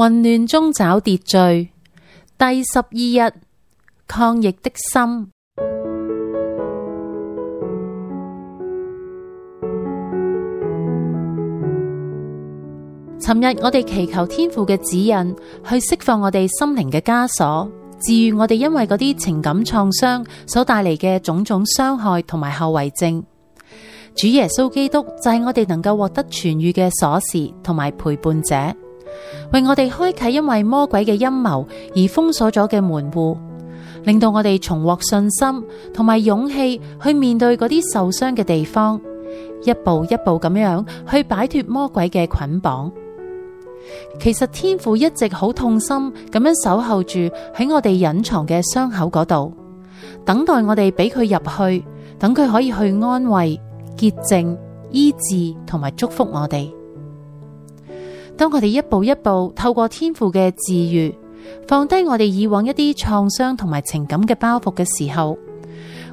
混亂中找秩序，第十二日，抗逆的心。尋日我哋祈求天父嘅指引，去釋放我哋心靈嘅枷鎖，治癒我哋因為嗰啲情感創傷所帶嚟嘅種種傷害同埋後遺症。主耶穌基督就係我哋能夠獲得痊癒嘅鎖匙同埋陪伴者。為我哋開啟因為魔鬼嘅陰謀而封鎖咗嘅門戶，令到我哋重獲信心同埋勇氣去面對嗰啲受傷嘅地方，一步一步咁樣去擺脫魔鬼嘅捆綁。其實天父一直好痛心咁樣守候住喺我哋隱藏嘅傷口嗰度，等待我哋俾佢入去，等佢可以去安慰、潔淨、醫治同埋祝福我哋。當我哋一步一步透過天父嘅治癒，放低我哋以往一啲創傷同埋情感嘅包袱嘅時候，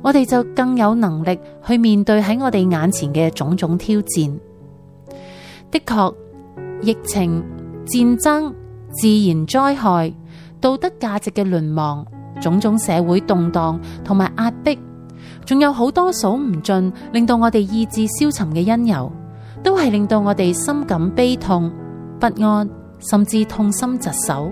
我哋就更有能力去面對喺我哋眼前嘅種種挑戰。的確、疫情、戰爭、自然災害、道德價值嘅淪亡、種種社會動盪同埋壓迫，仲有好多數唔盡，令到我哋意志消沉嘅因由，都係令到我哋深感悲痛，不安，甚至痛心疾首。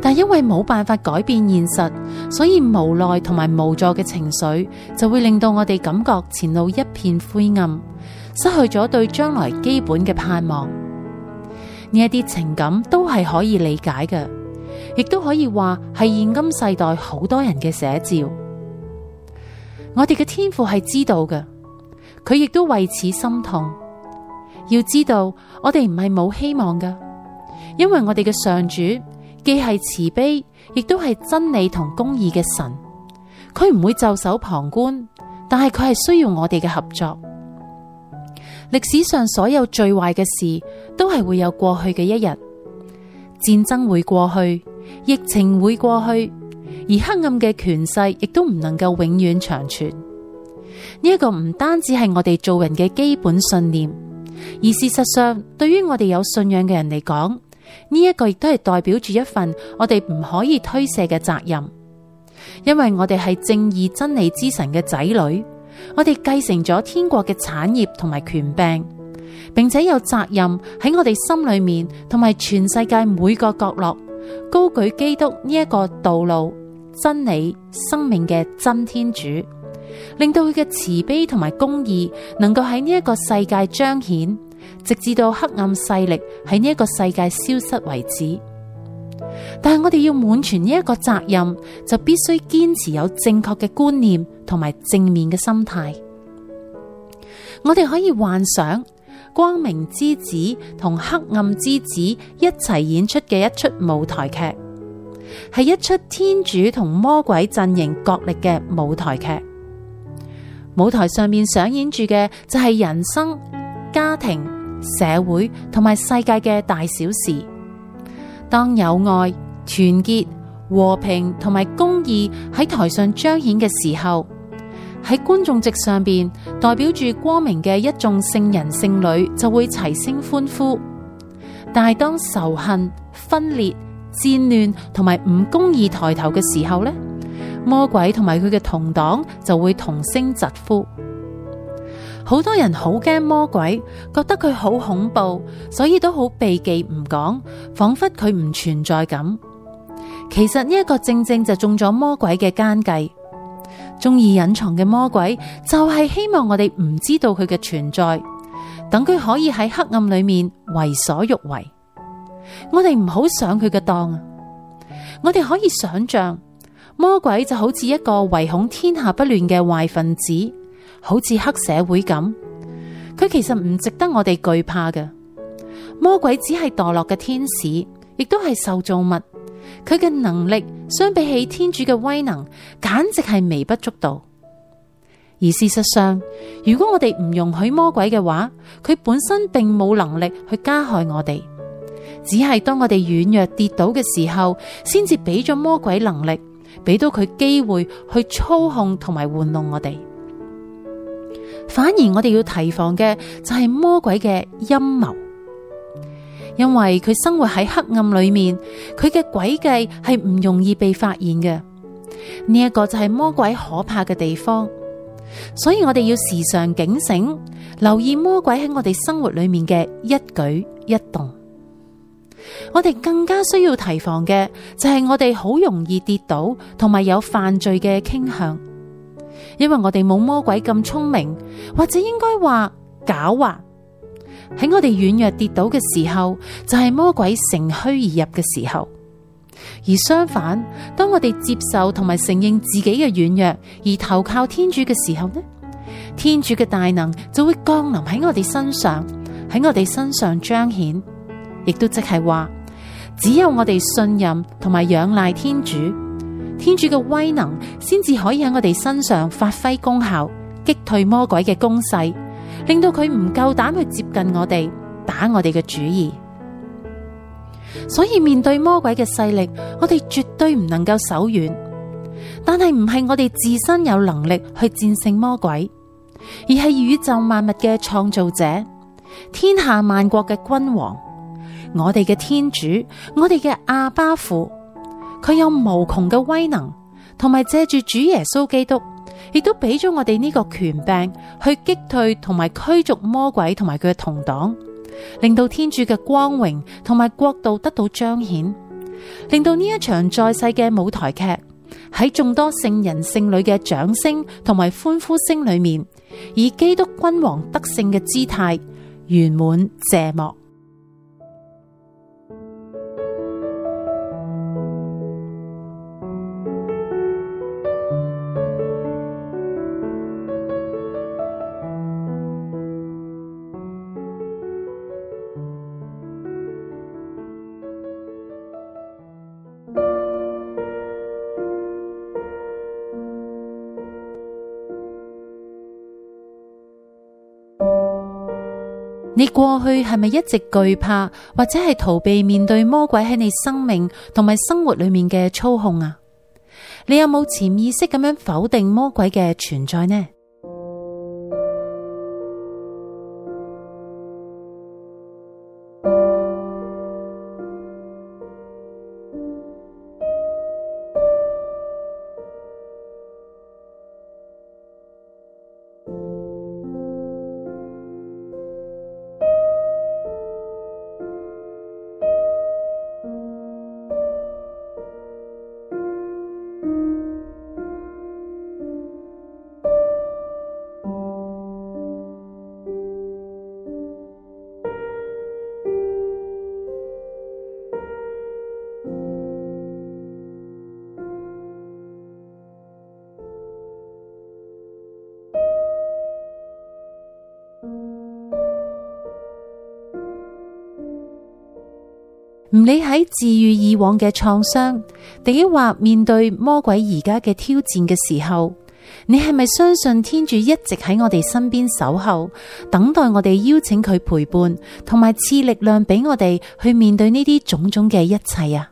但因為冇辦法改變現實，所以無奈同埋無助嘅情緒，就會令到我哋感覺前路一片灰暗，失去咗對將來基本嘅盼望。呢一啲情感都係可以理解嘅，亦都可以話係現今世代好多人嘅寫照。我哋嘅天父係知道嘅，佢亦都為此心痛。要知道，我哋唔係冇希望噶因為我哋嘅上主既係慈悲，亦都係真理同公義嘅神，佢唔會袖手旁觀，但係佢係需要我哋嘅合作。歷史上所有最壞嘅事都係會有過去嘅一日，戰爭會過去，疫情會過去，而黑暗嘅權勢亦都唔能夠永遠長存。呢一個唔單止係我哋做人嘅基本信念，而事實上，對於我哋有信仰嘅人嚟講，呢一個亦都係代表住一份我哋唔可以推卸嘅責任，因為我哋係正義真理之神嘅仔女，我哋繼承咗天國嘅產業同埋權柄，並且有責任喺我哋心裏面同埋全世界每個角落，高舉基督呢一個道路、真理、生命嘅真天主。令到佢嘅慈悲同埋公義能夠喺呢一個世界彰顯，直至到黑暗勢力喺呢一個世界消失為止。但係我哋要滿全呢一個責任，就必須堅持有正確嘅觀念同埋正面嘅心態。我哋可以幻想，光明之子同黑暗之子一齊演出嘅一齣舞台劇，係一齣天主同魔鬼陣營角力嘅舞台劇。舞台上面上演住嘅就係人生、家庭、社會同埋世界嘅大小事。當友愛、團結、和平同埋公義喺台上彰顯嘅時候，喺觀眾席上邊代表住光明嘅一眾聖人聖女就會齊聲歡呼。但係當仇恨、分裂、戰亂同埋唔公義抬頭嘅時候呢。魔鬼同埋佢嘅同黨就會同聲疾呼，好多人好驚魔鬼，覺得佢好恐怖，所以都好避忌唔講，仿佛佢唔存在咁。其實呢一個正正就中咗魔鬼嘅奸計，中意隱藏嘅魔鬼就係希望我哋唔知道佢嘅存在，等佢可以喺黑暗裏面為所欲為。我哋唔好上佢嘅當啊！我哋可以想象。魔鬼就好似一個唯恐天下不亂嘅壞分子，好似黑社會咁。佢其實唔值得我哋懼怕嘅。魔鬼只係墮落嘅天使，亦都係受造物。佢嘅能力相比起天主嘅威能，簡直係微不足道。而事實上，如果我哋唔容許魔鬼嘅話，佢本身並冇能力去加害我哋。只係當我哋軟弱跌倒嘅時候，先至俾咗魔鬼能力。俾到佢機會去操控同埋玩弄我哋，反而我哋要提防嘅就係魔鬼嘅陰謀，因為佢生活喺黑暗裏面，佢嘅詭計係唔容易被發現嘅。呢一個就係魔鬼可怕嘅地方，所以我哋要時常警醒，留意魔鬼喺我哋生活裏面嘅一舉一動。我哋更加需要提防嘅就係我哋好容易跌倒，同埋有犯罪嘅傾向，因為我哋冇魔鬼咁聰明，或者應該話狡猾。喺我哋軟弱跌倒嘅時候，就係魔鬼乘虛而入嘅時候。而相反，當我哋接受同埋承認自己嘅軟弱，而投靠天主嘅時候呢，天主嘅大能就會降臨喺我哋身上，喺我哋身上彰顯。亦都即係話，只有我哋信任同埋仰賴天主，天主嘅威能先至可以喺我哋身上發揮功效，擊退魔鬼嘅攻勢，令到佢唔夠膽去接近我哋，打我哋嘅主意。所以面對魔鬼嘅勢力，我哋絕對唔能夠手軟。但係唔係我哋自身有能力去戰勝魔鬼，而係宇宙萬物嘅創造者，天下萬國嘅君王。我哋嘅天主，我哋嘅阿爸父，佢有無窮嘅威能，同埋借住主耶穌基督，亦都俾咗我哋呢個權柄去擊退同埋驅逐魔鬼同埋佢嘅同黨，令到天主嘅光榮同埋國度得到彰顯，令到呢一場在世嘅舞台劇喺眾多聖人聖女嘅掌聲同埋歡呼聲裏面，以基督君王得勝嘅姿態圓滿謝幕。你過去係咪一直懼怕，或者係逃避面對魔鬼喺你生命同埋生活裏面嘅操控啊？你有冇潛意識咁樣否定魔鬼嘅存在呢？唔理喺治癒以往嘅創傷，定抑或面對魔鬼而家嘅挑戰嘅時候，你係咪相信天主一直喺我哋身邊守候，等待我哋邀請佢陪伴，同埋賜力量俾我哋去面對呢啲種種嘅一切啊？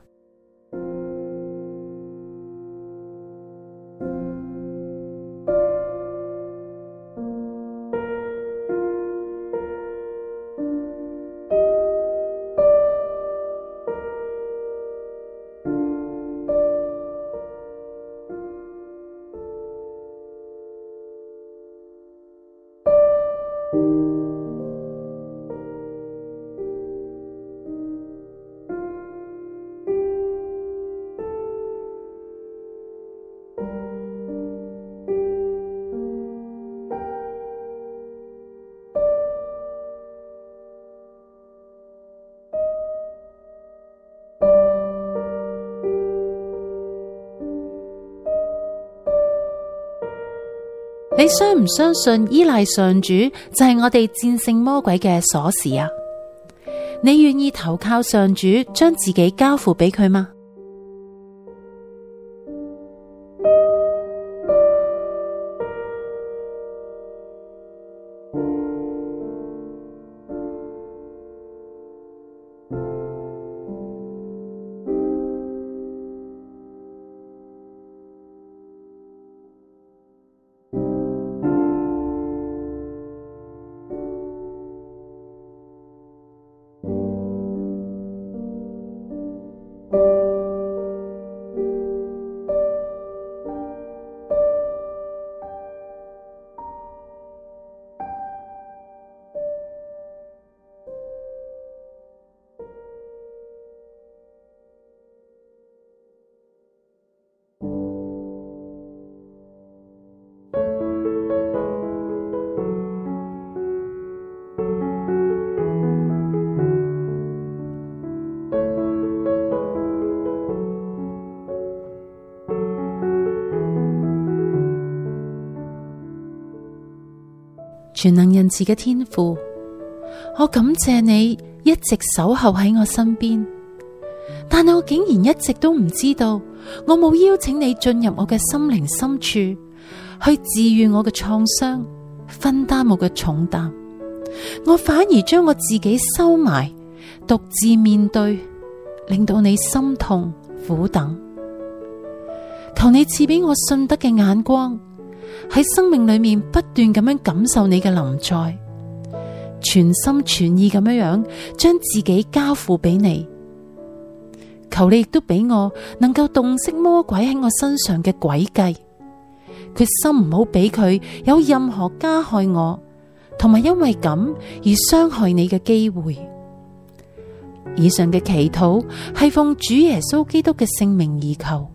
你相唔相信依賴上主就係我哋戰勝魔鬼嘅鎖匙啊？你願意投靠上主，將自己交付俾佢嗎？全能仁慈嘅天父，我感謝你一直守候喺我身邊，但係我竟然一直都唔知道，我冇邀請你進入我嘅心靈深處去治癒我嘅創傷，分擔我嘅重擔，我反而將我自己收埋，獨自面對，令到你心痛苦等。求你賜俾我信德嘅眼光。喺生命裏面不斷咁樣感受你嘅臨在，全心全意咁樣樣將自己交付俾你，求你亦都俾我能夠洞悉魔鬼喺我身上嘅詭計，決心唔好俾佢有任何加害我，同埋因為咁而傷害你嘅機會。以上嘅祈禱係奉主耶穌基督嘅聖名而求，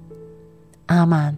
亞孟。